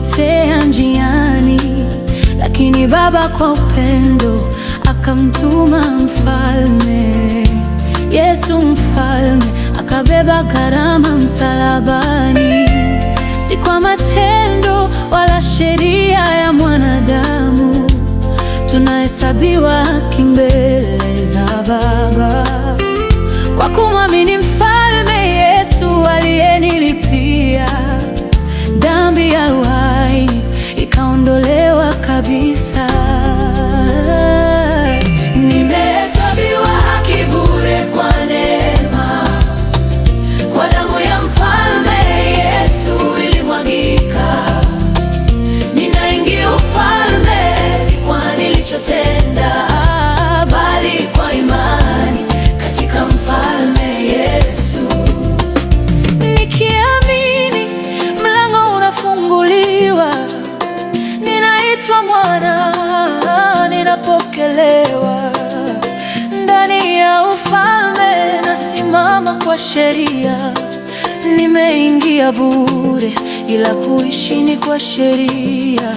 alipotea njiani, lakini Baba kwa upendo akamtuma mfalme Yesu, mfalme akabeba gharama msalabani, si kwa matendo wala sheria ya mwanadamu, tunahesabiwa haki mbele za Baba kwa kumwamini mfalme Yesu aliyenilipia dhambi ya desire. sheria nimeingia bure, ila kuishi ni kwa sheria.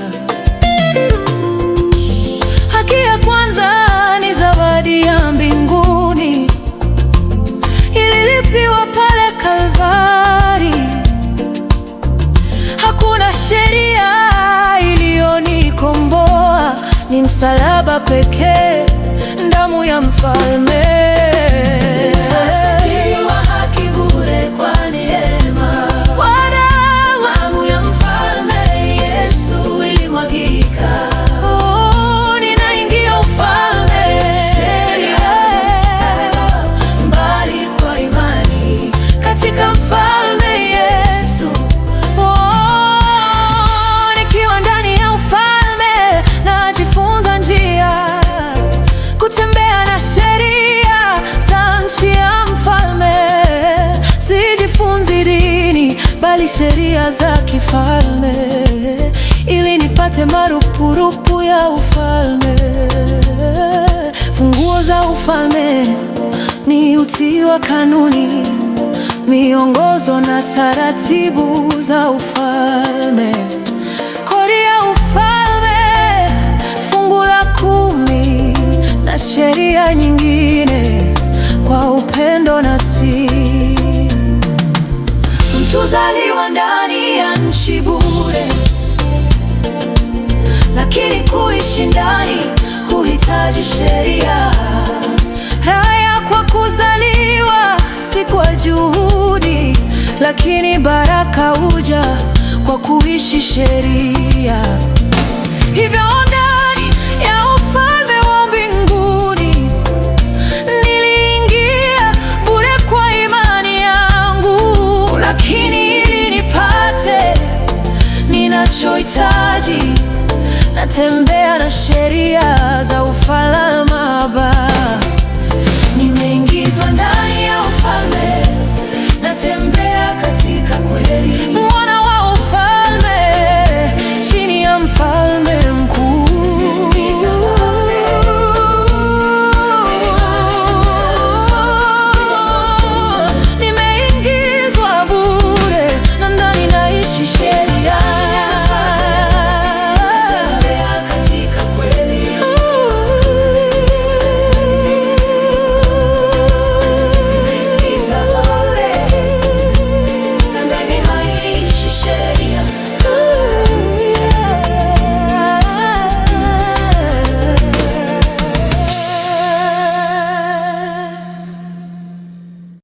Haki ya kwanza ni zawadi ya mbinguni, ililipiwa pale Kalvari. Hakuna sheria iliyonikomboa, ni msalaba pekee, damu ya mfalme kukubali sheria za kifalme ili nipate marupurupu ya ufalme. Funguo za ufalme ni utii wa kanuni, miongozo na taratibu za ufalme. Kori ya ufalme kuzaliwa ndani ya nchi bure, lakini kuishi ndani huhitaji sheria. raya kwa kuzaliwa si kwa juhudi, lakini baraka huja kwa kuishi sheria. Hivyo uhitaji, natembea na sheria za ufalme Baba, nimeingizwa ndani ya ufalme Natembea